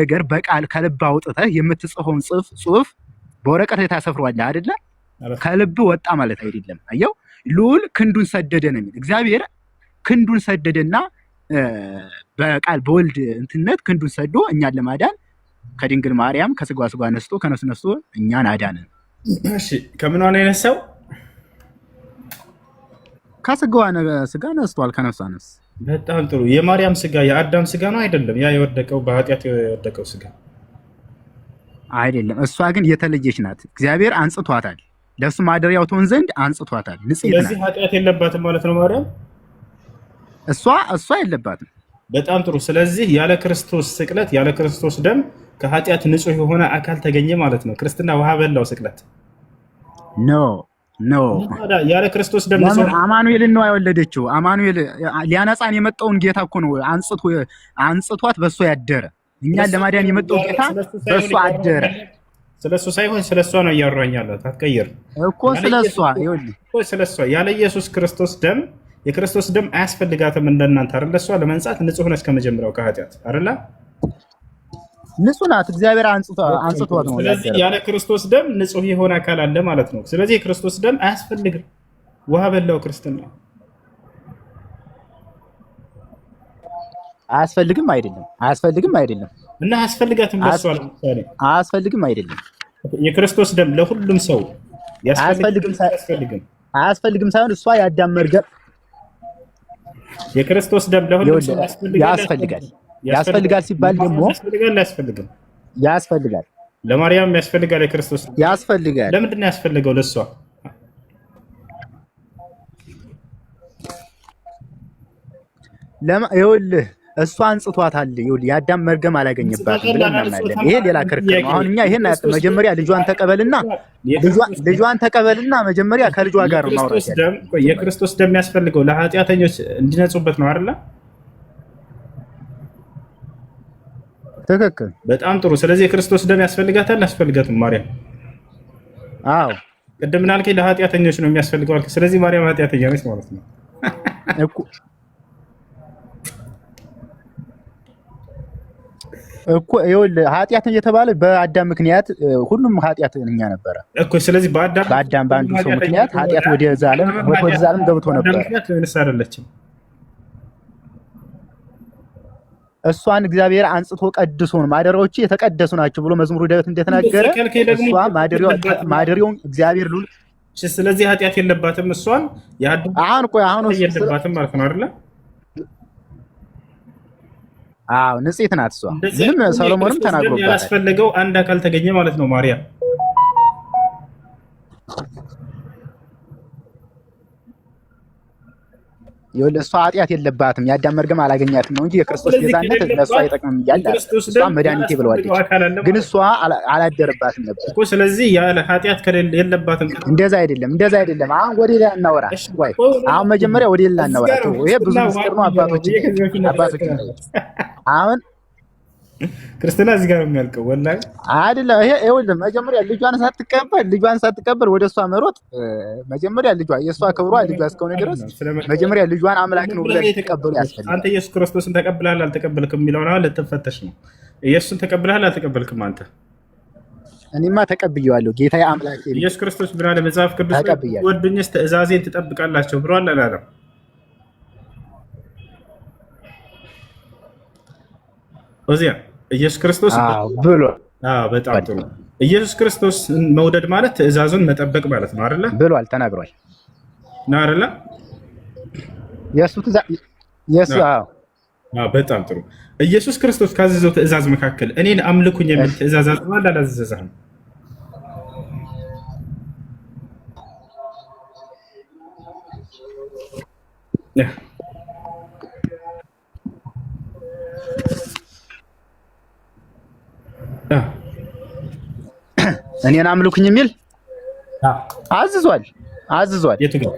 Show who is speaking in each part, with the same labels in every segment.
Speaker 1: ነገር በቃል ከልብ አውጥተህ የምትጽፈውን ጽሁፍ በወረቀት ታሰፍሯለህ አይደለ? ከልብ ወጣ ማለት አይደለም። አየው ልዑል ክንዱን ሰደደ ነው የሚል እግዚአብሔር ክንዱን ሰደደና በቃል በወልድ እንትነት ክንዱን ሰዶ እኛን ለማዳን ከድንግል ማርያም ከስጋ ስጋ ነስቶ ከነሱ ነስቶ እኛን አዳነን።
Speaker 2: ከምን ነው የነሳው?
Speaker 1: ከስጋዋ ስጋ ነስቷል፣ ከነፍሷ ነፍስ
Speaker 2: በጣም ጥሩ። የማርያም ስጋ የአዳም ስጋ ነው አይደለም? ያ የወደቀው በኃጢአት የወደቀው ስጋ
Speaker 1: አይደለም። እሷ ግን የተለየች ናት። እግዚአብሔር አንጽቷታል፣ ለእሱ ማደሪያው ትሆን ዘንድ አንጽቷታል።
Speaker 2: ንጽሕት ኃጢአት የለባትም ማለት ነው ማርያም።
Speaker 1: እሷ እሷ የለባትም።
Speaker 2: በጣም ጥሩ። ስለዚህ ያለ ክርስቶስ ስቅለት፣ ያለ ክርስቶስ ደም ከኃጢአት ንጹህ የሆነ አካል ተገኘ ማለት ነው። ክርስትና ውሃ በላው ስቅለት ነው። ያለ ክርስቶስ
Speaker 1: ደም አማኑኤልን ነው የወለደችው። አማኑኤል ሊያነጻን የመጣውን ጌታ እኮ ነው አንጽቷት በእሱ ያደረ። እኛን ለማዳን የመጣው ጌታ በእሱ አደረ።
Speaker 2: ስለሱ ሳይሆን ስለሷ ነው እያወራኝ ያለሁት። አትቀይር
Speaker 1: እኮ ስለሷ ይኸውልህ፣
Speaker 2: ስለሷ ያለ ኢየሱስ ክርስቶስ ደም የክርስቶስ ደም አያስፈልጋትም። እንደናንተ አይደለ? እሷ ለመንጻት ንጹህ ነች ከመጀመሪያው ከኃጢአት አይደለ?
Speaker 1: ንጹህ ናት። እግዚአብሔር አንጽቷት ነው።
Speaker 2: ስለዚህ ያለ ክርስቶስ ደም ንጹህ የሆነ አካል አለ ማለት ነው። ስለዚህ የክርስቶስ ደም አያስፈልግም። ውሃ በላው ክርስትና
Speaker 1: አያስፈልግም አይደለም፣ አያስፈልግም አይደለም
Speaker 2: እና አያስፈልጋትም። ለሷል ምሳሌ
Speaker 1: አያስፈልግም አይደለም።
Speaker 2: የክርስቶስ ደም ለሁሉም ሰው
Speaker 1: ያስፈልግም ሳይፈልግም አያስፈልግም ሳይሆን እሷ ያዳመርገ
Speaker 2: የክርስቶስ ደም
Speaker 1: ለሁሉም ሰው ያስፈልጋል። ያስፈልጋል ሲባል ደግሞ ያስፈልጋል ያስፈልጋል
Speaker 2: ለማርያም ያስፈልጋል የክርስቶስ
Speaker 1: ያስፈልጋል።
Speaker 2: ለምንድን ነው ያስፈልገው? ለእሷ
Speaker 1: ለማ ይኸውልህ እሷ አንጽቷታል። ይኸውልህ የአዳም መርገም አላገኘባትም ብለን እናምናለን። ይሄ ሌላ ክርክር ነው። አሁን እኛ ይሄን መጀመሪያ ልጇን ተቀበልና ልጇን ተቀበልና መጀመሪያ ከልጇ ጋር
Speaker 2: ነው ማውራት። የክርስቶስ ደም ያስፈልገው ለኃጢአተኞች እንዲነጹበት ነው አይደል? ትክክል። በጣም ጥሩ። ስለዚህ የክርስቶስ ደም ያስፈልጋታል ያስፈልጋትም ማርያም አዎ፣ ቅድም ናልከኝ ለኃጢአተኞች ነው የሚያስፈልገው ስለዚህ ማርያም ኃጢአተኛ ነች ማለት ነው።
Speaker 1: እኮ ይኸውልህ ኃጢአት እየተባለ በአዳም ምክንያት ሁሉም ኃጢአተኛ ነበረ እኮ። ስለዚህ በአዳም በአንዱ ሰው ምክንያት ኃጢአት ወደዛ ዓለም ገብቶ ነበር።
Speaker 2: ምክንያት ምንስ ነበረ።
Speaker 1: እሷን እግዚአብሔር አንጽቶ ቀድሶ ነው ማደሪያዎች የተቀደሱ ናቸው ብሎ መዝሙሩ ዳዊት እንደተናገረ እሷ ማደሪያውን እግዚአብሔር ሉል
Speaker 2: ስለዚህ ኃጢአት የለባትም። እሷን
Speaker 1: አሁን ቆይ አሁን
Speaker 2: የለባትም ማለት ነው አይደለ?
Speaker 1: አዎ ንጽሕት ናት እሷ። ምንም ሰሎሞንም ተናግሮባታል።
Speaker 2: ያላስፈለገው አንድ አካል ተገኘ ማለት ነው ማርያም
Speaker 1: እሷ ኃጢአት የለባትም የአዳም መርገም አላገኛትም ነው እንጂ የክርስቶስ ቤዛነት ለእሷ አይጠቅምም እያለ እሷ መድኃኒቴ ብለዋለች። ግን እሷ አላደረባትም
Speaker 2: ነበር እኮ። ስለዚህ ኃጢአት የለባትም።
Speaker 1: እንደዛ አይደለም፣ እንደዛ አይደለም። አሁን ወደ ሌላ እናወራ። አሁን መጀመሪያ ወደ ሌላ እናወራ። ይሄ ብዙ ምስጢር ነው አባቶች አባቶች አሁን
Speaker 2: ክርስትና እዚህ ጋር ነው የሚያልቀው። ወላሂ
Speaker 1: አይደለም። ይሄ ይኸውልህ መጀመሪያ ልጇን ሳትቀበል ልጇን ሳትቀበል ወደ እሷ መሮጥ መጀመሪያ ልጇ የእሷ ክብሯ ልጇ እስከሆነ ድረስ መጀመሪያ ልጇን አምላክ ነው ብለህ
Speaker 2: ተቀበሉ ያስፈልጋል። አንተ ኢየሱስ ክርስቶስን ተቀብለሃል አልተቀበልክም የሚለውን አሁን ልትፈተሽ ነው። ኢየሱስን ተቀብለሃል አልተቀበልክም አንተ?
Speaker 1: እኔማ ተቀብዬዋለሁ ጌታ አምላኬ።
Speaker 2: ኢየሱስ ክርስቶስ ምን አለ መጽሐፍ ቅዱስ? ወዱኝስ ትእዛዜን ትጠብቃላቸው ብሏል አላለም? እዚያ ኢየሱስ ክርስቶስ ብሎ በጣም ጥሩ። ኢየሱስ ክርስቶስ መውደድ ማለት ትእዛዙን መጠበቅ ማለት ነው አይደለ?
Speaker 1: ብሏል፣ ተናግሯል። ና አይደለ? የሱ የሱ
Speaker 2: በጣም ጥሩ። ኢየሱስ ክርስቶስ ካዘዘው ትእዛዝ መካከል እኔን አምልኩኝ የሚል ትእዛዝ አዝዟል አላዘዘህም? Yeah.
Speaker 1: እኔን አምልኩኝ የሚል አዝዟል አዝዟል የቱ ጋር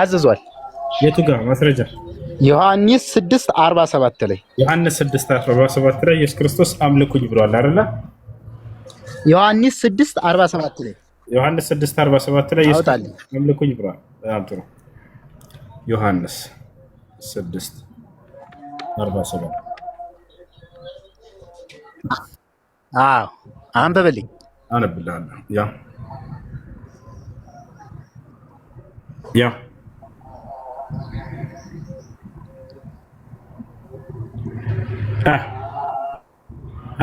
Speaker 1: አዝዟል
Speaker 2: የቱ ጋር ማስረጃ
Speaker 1: ዮሐንስ 6 47 ላይ
Speaker 2: ዮሐንስ 6 47 ላይ ኢየሱስ ክርስቶስ አምልኩኝ ብሏል አይደለ
Speaker 1: ዮሐንስ 6 47 ላይ
Speaker 2: ዮሐንስ 6 47 ላይ ኢየሱስ አምልኩኝ ብሏል አጥሩ ዮሐንስ 6 አንብብልኝ። አነብላለሁ ያ ያ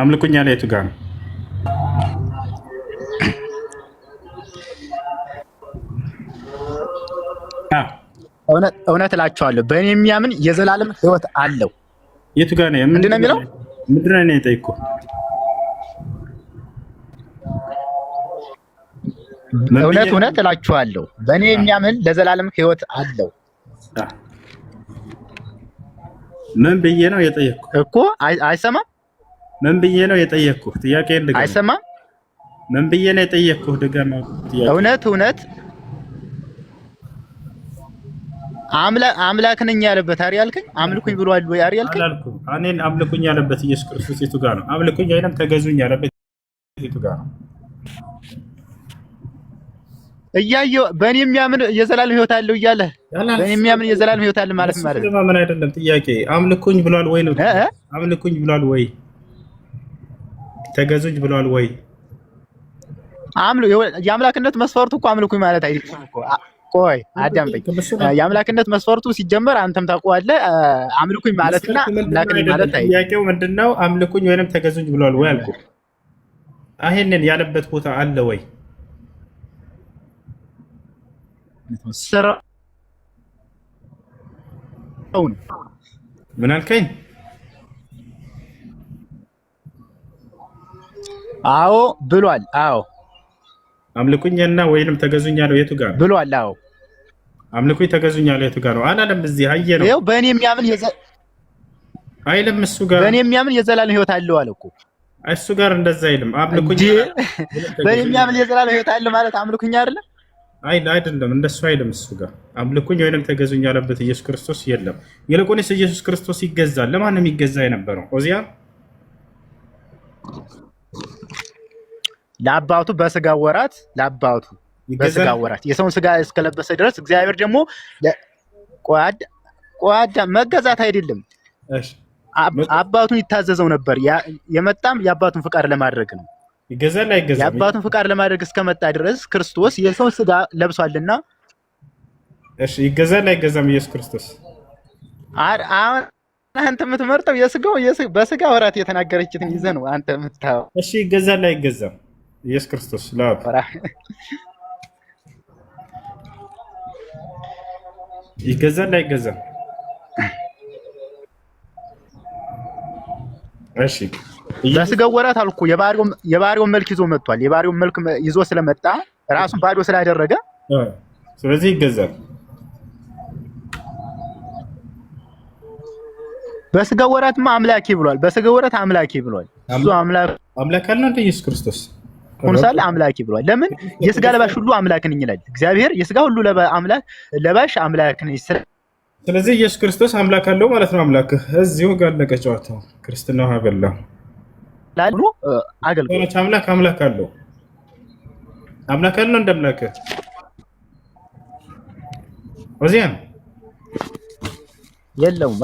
Speaker 2: አምልኩኛ ላይ የቱ ጋር ነው?
Speaker 1: እውነት እላቸዋለሁ በእኔ የሚያምን የዘላለም ሕይወት አለው የቱ ጋር ነው? ምንድን ነው የሚለው?
Speaker 2: ምንድን ነው የጠየኩህ?
Speaker 1: እውነት እውነት እላችኋለሁ በእኔ የሚያምን ለዘላለም ህይወት አለው።
Speaker 2: ምን ብዬ ነው የጠየኩህ?
Speaker 1: እኮ አይሰማም።
Speaker 2: ምን ብዬ ነው የጠየኩህ? ጥያቄ አይሰማም። ምን ብዬ ነው የጠየኩህ? ድጋማ
Speaker 1: እውነት እውነት አምላክ ነኝ ያለበት አሪ ያልከኝ አምልኩኝ ብሎ አሉ አሪ ያልከኝ አላልኩም።
Speaker 2: እኔን አምልኩኝ ያለበት ኢየሱስ ክርስቶስ የቱ ጋር ነው? አምልኩኝ አይደለም ተገዙኝ ያለበት የቱ ጋር ነው?
Speaker 1: እያየሁ በእኔ የሚያምን የዘላለም ህይወት አለው እያለ በእኔ የሚያምን የዘላለም ህይወት አለ ማለት ማለት
Speaker 2: ነው። ማመን አይደለም ጥያቄ። አምልኩኝ ብሏል ወይ ነው? አምልኩኝ ብሏል ወይ? ተገዙኝ ብሏል ወይ?
Speaker 1: አምልኩ የአምላክነት መስፈርቱ እኮ አምልኩኝ ማለት አይደለም። እኮ ቆይ አዳምጠኝ። የአምላክነት መስፈርቱ ሲጀመር አንተም ታውቀዋለህ። አምልኩኝ ማለትና አምላክኝ ማለት አይ፣
Speaker 2: ጥያቄው ምንድነው? አምልኩኝ ወይንም ተገዙኝ ብሏል ወይ አልኩ። ይሄንን ያለበት ቦታ አለ ወይ? ስራው ምን አልከኝ?
Speaker 1: አዎ ብሏል። አዎ
Speaker 2: አምልኩኝና ወይንም ተገዙኛ ነው የቱ ጋር ብሏል? አዎ አምልኩኝ ተገዙኛ ነው የቱ ጋር ነው አላለም። እዚህ አየ ነው
Speaker 1: ይኸው በእኔ የሚያምን የዘ
Speaker 2: አይልም። እሱ ጋር
Speaker 1: በእኔ የሚያምን የዘላለም ህይወት አለው አለ እኮ
Speaker 2: እሱ ጋር እንደዛ አይልም። አምልኩኝ
Speaker 1: በእኔ የሚያምን የዘላለም ህይወት አለ ማለት አምልኩኝ አይደለ?
Speaker 2: አይ አይደለም፣ እንደሱ አይልም። እሱ ጋር አምልኩኝ ወይንም ተገዙኝ ያለበት ኢየሱስ ክርስቶስ የለም። ይልቁንስ ኢየሱስ ክርስቶስ ይገዛል። ለማንም ይገዛ የነበረው ኦዚያ
Speaker 1: ለአባቱ በስጋ ወራት ለአባቱ በስጋ ወራት የሰውን ስጋ እስከለበሰ ድረስ እግዚአብሔር ደግሞ ቆዳ መገዛት አይደለም አባቱን ይታዘዘው ነበር። የመጣም የአባቱን ፍቃድ ለማድረግ ነው።
Speaker 2: ይገዛል አይገዛም?
Speaker 1: የአባቱን ፍቃድ ለማድረግ እስከመጣ ድረስ ክርስቶስ የሰውን ስጋ ለብሷልና።
Speaker 2: እሺ፣ ይገዛል አይገዛም? ኢየሱስ ክርስቶስ
Speaker 1: አሁን አንተ የምትመርጠው የስጋው በስጋ ወራት የተናገረችትን ይዘህ ነው አንተ የምታው።
Speaker 2: እሺ፣ ይገዛል አይገዛም? ኢየሱስ ክርስቶስ ላት ይገዛል አይገዛም? እሺ
Speaker 1: በስጋው ወራት አልኩ። የባህሪውን መልክ ይዞ መጥቷል። የባህሪውን መልክ ይዞ ስለመጣ ራሱን ባዶ ስላደረገ
Speaker 2: ስለዚህ ይገዛል።
Speaker 1: በስጋው ወራትማ አምላኬ ብሏል። በስጋው ወራት አምላኬ ብሏል። እሱ አምላክ
Speaker 2: አምላክ አለ እንደ ኢየሱስ ክርስቶስ
Speaker 1: ሆኖ ሳለ አምላኬ ብሏል። ለምን የስጋ ለባሽ ሁሉ አምላክ ነኝ ይላል እግዚአብሔር። የስጋ ሁሉ አምላክ ለባሽ አምላክ ነኝ።
Speaker 2: ስለዚህ ኢየሱስ ክርስቶስ አምላክ አለው ማለት ነው። አምላክ እዚሁ ጋር ለቀ ጨዋታው ክርስትና አበላ ላሉ አገልግሎት አምላክ አምላክ አለው አምላክ አለው እንደምላክ ወዚያ
Speaker 1: የለውም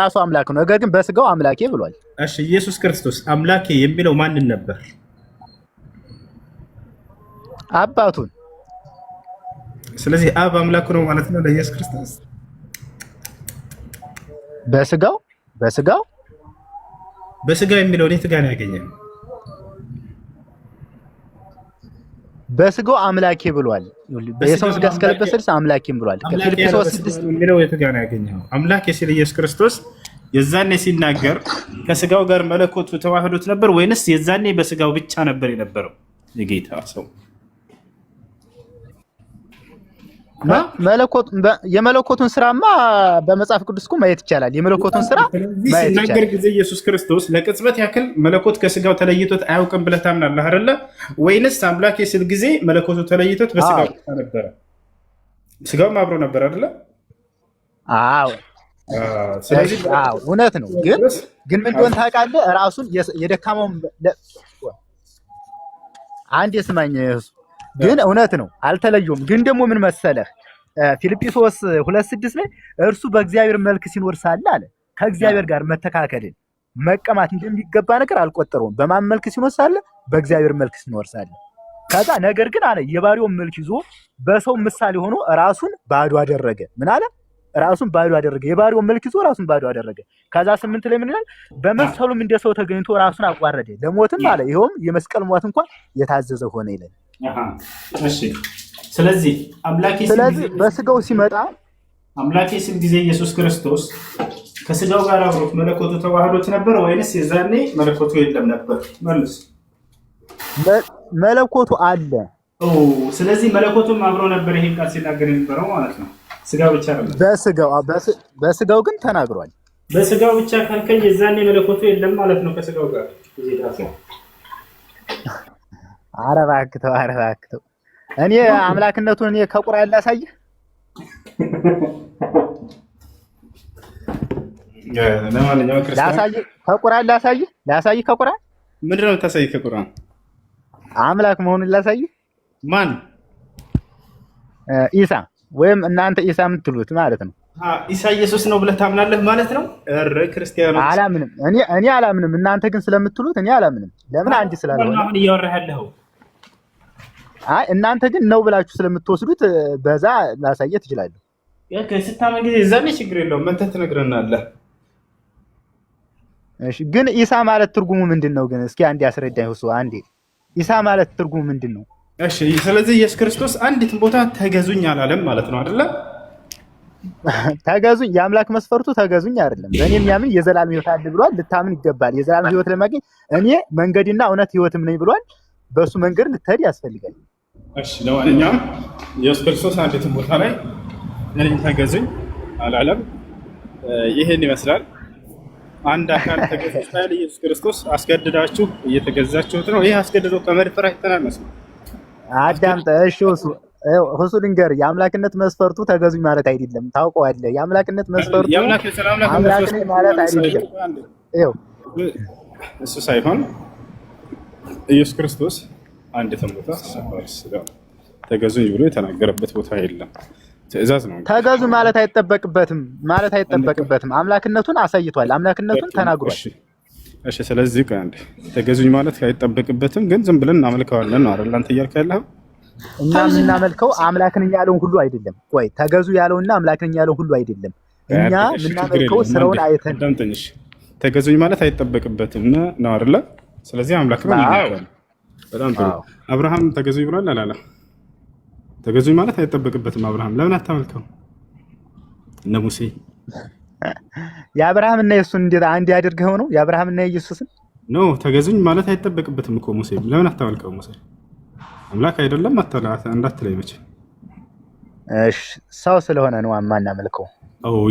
Speaker 1: ራሱ አምላክ ነው። ነገር ግን በስጋው አምላኬ ብሏል።
Speaker 2: እሺ ኢየሱስ ክርስቶስ አምላኬ የሚለው ማንን ነበር? አባቱን። ስለዚህ አብ አምላክ ነው ማለት ነው ለኢየሱስ ክርስቶስ
Speaker 1: በስጋው በስጋው
Speaker 2: በስጋ የሚለው የት ጋር ያገኘ
Speaker 1: በስጋው አምላኬ ብሏል። የሰው ስጋ እስከለበሰ ድረስ አምላኬም ብሏል።
Speaker 2: ፊልጵስዩስ ስድስት የሚለው የት ጋር ነው ያገኘው? አምላኬ ሲል ኢየሱስ ክርስቶስ የዛኔ ሲናገር ከስጋው ጋር መለኮቱ ተዋህዶት ነበር ወይንስ የዛኔ በስጋው ብቻ ነበር የነበረው የጌታ ሰው?
Speaker 1: የመለኮቱን ስራማ በመጽሐፍ ቅዱስ እኮ ማየት ይቻላል። የመለኮቱን ስራ
Speaker 2: ሲናገር ጊዜ ኢየሱስ ክርስቶስ ለቅጽበት ያክል መለኮት ከስጋው ተለይቶት አያውቅም ብለህ ታምናለህ አይደለ? ወይንስ አምላክ የስል ጊዜ መለኮቱ ተለይቶት በስጋው ነበረ? ስጋውም አብሮ ነበር አይደለ?
Speaker 1: ስለዚህ እውነት ነው። ግን ግን ምን እንደሆነ ታውቃለህ? ራሱን የደካመውን አንድ የስማኝ ሱ ግን እውነት ነው አልተለየውም። ግን ደግሞ ምን መሰለህ ፊልጵሶስ ሁለት ስድስት ላይ እርሱ በእግዚአብሔር መልክ ሲኖር ሳለ አለ ከእግዚአብሔር ጋር መተካከልን መቀማት እንደሚገባ ነገር አልቆጠረውም። በማን መልክ ሲኖር ሳለ? በእግዚአብሔር መልክ ሲኖር ሳለ። ከዛ ነገር ግን አለ የባሪውን መልክ ይዞ በሰው ምሳሌ ሆኖ ራሱን ባዶ አደረገ። ምን አለ ራሱን ባዶ አደረገ። የባሪውን መልክ ይዞ ራሱን ባዶ አደረገ። ከዛ ስምንት ላይ ምን ይላል? በመሰሉም እንደ ሰው ተገኝቶ ራሱን አቋረደ ለሞትም አለ ይኸውም የመስቀል ሞት እንኳን የታዘዘ ሆነ ይላል። ስለዚህ ስለዚህ በስጋው ሲመጣ
Speaker 2: አምላኬ ስም ጊዜ ኢየሱስ ክርስቶስ ከስጋው ጋር አብሮት መለኮቱ ተዋህዶት ነበር ወይንስ የዛኔ መለኮቱ የለም ነበር? መልስ።
Speaker 1: መለኮቱ አለ።
Speaker 2: ስለዚህ መለኮቱም አብሮ ነበር። ይሄን ቃል ሲናገር የነበረው ማለት ነው። ብቻ
Speaker 1: በስጋው በስጋው ግን ተናግሯል።
Speaker 2: በስጋው ብቻ ካልከኝ የዛኔ መለኮቱ የለም ማለት ነው ከስጋው ጋር
Speaker 1: ኧረ እባክህ አረ እባክህ እኔ አምላክነቱን እኔ ከቁራ ያላሳይ ለማንኛውም ላሳየህ፣ ከቁርአን ላሳየህ፣
Speaker 2: ምንድን ነው
Speaker 1: አምላክ መሆኑን ላሳይ? ማን ኢሳ ወይም እናንተ ኢሳ የምትሉት ማለት ነው።
Speaker 2: ኢሳ ኢየሱስ ነው ብለህ ታምናለህ ማለት ነው። ኧረ ክርስቲያኖች
Speaker 1: አላምንም፣ እኔ አላምንም። እናንተ ግን ስለምትሉት እኔ አላምንም። ለምን አንድ ስላልሆነ
Speaker 2: አሁን እያወራህ ያለኸው።
Speaker 1: አይ እናንተ ግን ነው ብላችሁ ስለምትወስዱት በዛ ማሳየት እችላለሁ።
Speaker 2: ስታመን ጊዜ እዛ ችግር የለውም። መንተህ ትነግረናለህ።
Speaker 1: እሺ ግን ኢሳ ማለት ትርጉሙ ምንድን ነው? ግን እስኪ አንድ ያስረዳኝ ሁሱ አንዴ ኢሳ ማለት ትርጉሙ ምንድን ነው?
Speaker 2: እሺ ስለዚህ ኢየሱስ ክርስቶስ አንዲትም ቦታ ተገዙኝ አላለም ማለት ነው አይደለ
Speaker 1: ተገዙኝ የአምላክ መስፈርቱ ተገዙኝ አይደለም። በእኔ የሚያምን የዘላለም ህይወት አለ ብሏል። ልታምን ይገባል። የዘላለም ህይወት ለማግኘት እኔ መንገድና እውነት ህይወትም ነኝ ብሏል። በእሱ መንገድ ልትሄድ ያስፈልጋል።
Speaker 2: እሺ ለማንኛውም ኢየሱስ ክርስቶስ አንዲትም ቦታ ላይ እኔ ተገዙኝ አላለም። ይህን ይመስላል። አንድ አካል ተገዛ ኢየሱስ ክርስቶስ አስገድዳችሁ እየተገዛችሁት ነው። ይህ አስገድዶ ከመድፈር አይተናነስ መስሎ
Speaker 1: አዳምጠ እሺ እሱ ድንገር የአምላክነት መስፈርቱ ተገዙኝ ማለት አይደለም። ታውቀዋለህ። የአምላክነት መስፈርቱ አምላክ ማለት አይደለም። ይኸው
Speaker 2: እሱ ሳይሆን ኢየሱስ ክርስቶስ አንድ ተሞታ ተገዙኝ ብሎ የተናገረበት ቦታ የለም። ትእዛዝ ነው።
Speaker 1: ተገዙ ማለት አይጠበቅበትም ማለት አይጠበቅበትም። አምላክነቱን አሳይቷል። አምላክነቱን ተናግሯል።
Speaker 2: እሺ ስለዚህ ቀን ተገዙኝ ማለት አይጠበቅበትም፣ ግን ዝም ብለን እናመልከዋለን ነው አይደል? አንተ እያልክ ያለው
Speaker 1: እኛ የምናመልከው አምላክን እኛ ያለውን ሁሉ አይደለም። ቆይ ተገዙ ያለውና አምላክን እኛ ያለውን ሁሉ አይደለም። እኛ የምናመልከው ስራውን አይተን
Speaker 2: ደምጥንሽ ተገዙኝ ማለት አይጠበቅበትም ነው አይደል? ስለዚህ አምላክ ነው። በጣም ጥሩ። አብርሃም ተገዙኝ ብሏል አላለ? ተገዙኝ ማለት አይጠበቅበትም። አብርሃም ለምን አታመልከው? እነ ሙሴ
Speaker 1: የአብርሃምና የሱስ እንዴት አንድ ያድርገው ነው? የአብርሃምና የኢየሱስን
Speaker 2: ኖ ተገዙኝ ማለት አይጠበቅበትም እኮ ሙሴ። ለምን አታመልከው? ሙሴ አምላክ አይደለም እንዳትለኝ መቼ።
Speaker 1: እሺ ሰው ስለሆነ ነው የማናመልከው።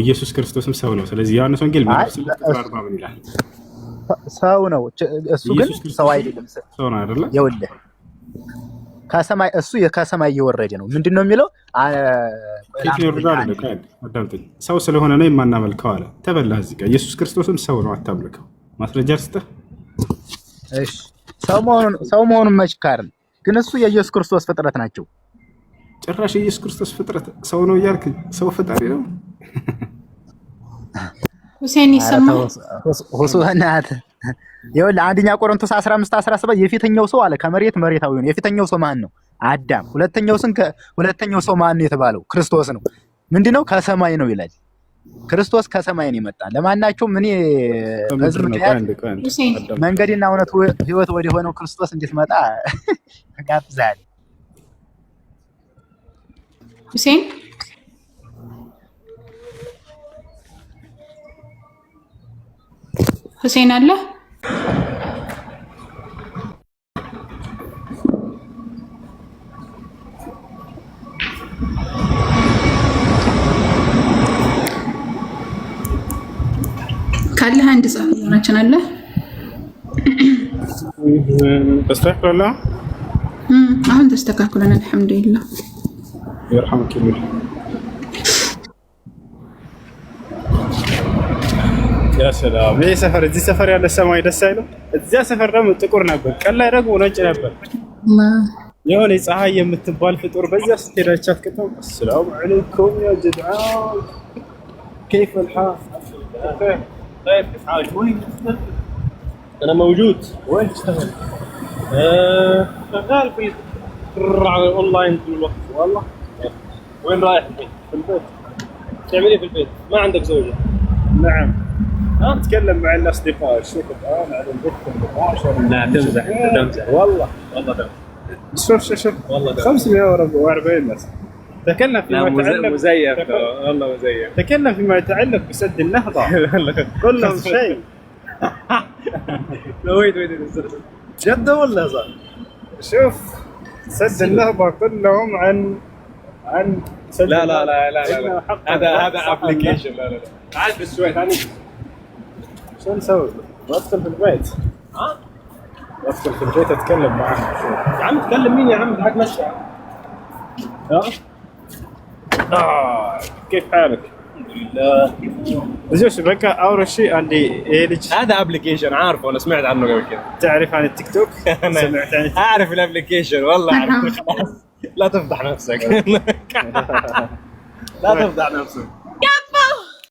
Speaker 2: ኢየሱስ ክርስቶስም ሰው ነው። ስለዚህ ዮሐንስ ወንጌል ምን ይላል?
Speaker 1: ሰው ነው እሱ፣ ግን ሰው አይደለም። ሰው ነው አይደለም ከሰማይ እሱ ከሰማይ እየወረደ ነው። ምንድን ነው የሚለው?
Speaker 2: ሰው ስለሆነ ነው የማናመልከው አለ። ተበላ እዚህ ጋር ኢየሱስ ክርስቶስም ሰው ነው አታምልከው። ማስረጃ ስጠህ።
Speaker 1: ሰው መሆኑን መችካርን ግን እሱ የኢየሱስ ክርስቶስ ፍጥረት ናቸው።
Speaker 2: ጭራሽ የኢየሱስ ክርስቶስ ፍጥረት ሰው ነው እያልክ ሰው ፈጣሪ ነው።
Speaker 1: ሁሴን ይሰማል። ይኸውልህ አንደኛ ቆሮንቶስ 15 17 የፊተኛው ሰው አለ ከመሬት መሬታዊ ነው። የፊተኛው ሰው ማን ነው? አዳም። ሁለተኛው ስን ሁለተኛው ሰው ማን ነው የተባለው? ክርስቶስ ነው። ምንድነው? ከሰማይ ነው ይላል። ክርስቶስ ከሰማይ ነው የመጣ። ለማናቸውም እኔ
Speaker 2: በዚህ ምክንያት
Speaker 1: መንገድና እውነት ህይወት ወደ ሆነው ክርስቶስ እንድትመጣ ጋብዛል።
Speaker 3: ሁሴን ሁሴን አለ ትሰክናለህ? ተስተካክሏል። አሁን ተስተካክሏል። አልሐምዱሊላህ
Speaker 2: ይርሐምክልህ። ያ ሰላም! ይህ ሰፈር እዚህ ሰፈር ያለ ሰማይ ደስ አይልም። እዚያ ሰፈር ደግሞ ጥቁር ነበር፣ ቀን ላይ ደግሞ ነጭ ነበር። የሆነ ፀሐይ የምትባል ፍጡር በዚያ ስትሄዳች አትቅጠም።
Speaker 4: አሰላሙ አለይኩም ያ ጀድዓ ከይፈ ልሓል طيب اسعاد وين تشتغل؟ انا موجود
Speaker 2: وين تشتغل؟
Speaker 4: آه
Speaker 2: شغال في اونلاين الاونلاين طول الوقت والله وين رايح الحين؟ في البيت تعمل ايه في البيت؟ ما عندك زوجة نعم ها؟ اتكلم مع الاصدقاء شوف الان على البيت لا نعم، تمزح إيه، تمزح والله والله تمزح شوف شوف شوف والله 540 مثلا تكلم فيما يتعلق مزيف والله مزيف تكلم فيما يتعلق بسد النهضه كل شيء لا ويت ويت جد ولا صح؟ شوف سد النهضه كلهم عن عن سد لا لا لا لا لا هذا هذا ابلكيشن لا لا لا عاد بالسويد شو نسوي؟ بدخل في البيت ها؟ بدخل في البيت اتكلم معاه يا عم تكلم مين يا عم تعال مشي ها؟ كيف حالك؟ الحمد لله زوج بقى اول شيء عندي هذا ابلكيشن عارفه انا سمعت عنه قبل كذا تعرف عن التيك توك؟ أنا سمعت عن التيك. اعرف الابلكيشن والله اعرف لا تفضح نفسك لا تفضح نفسك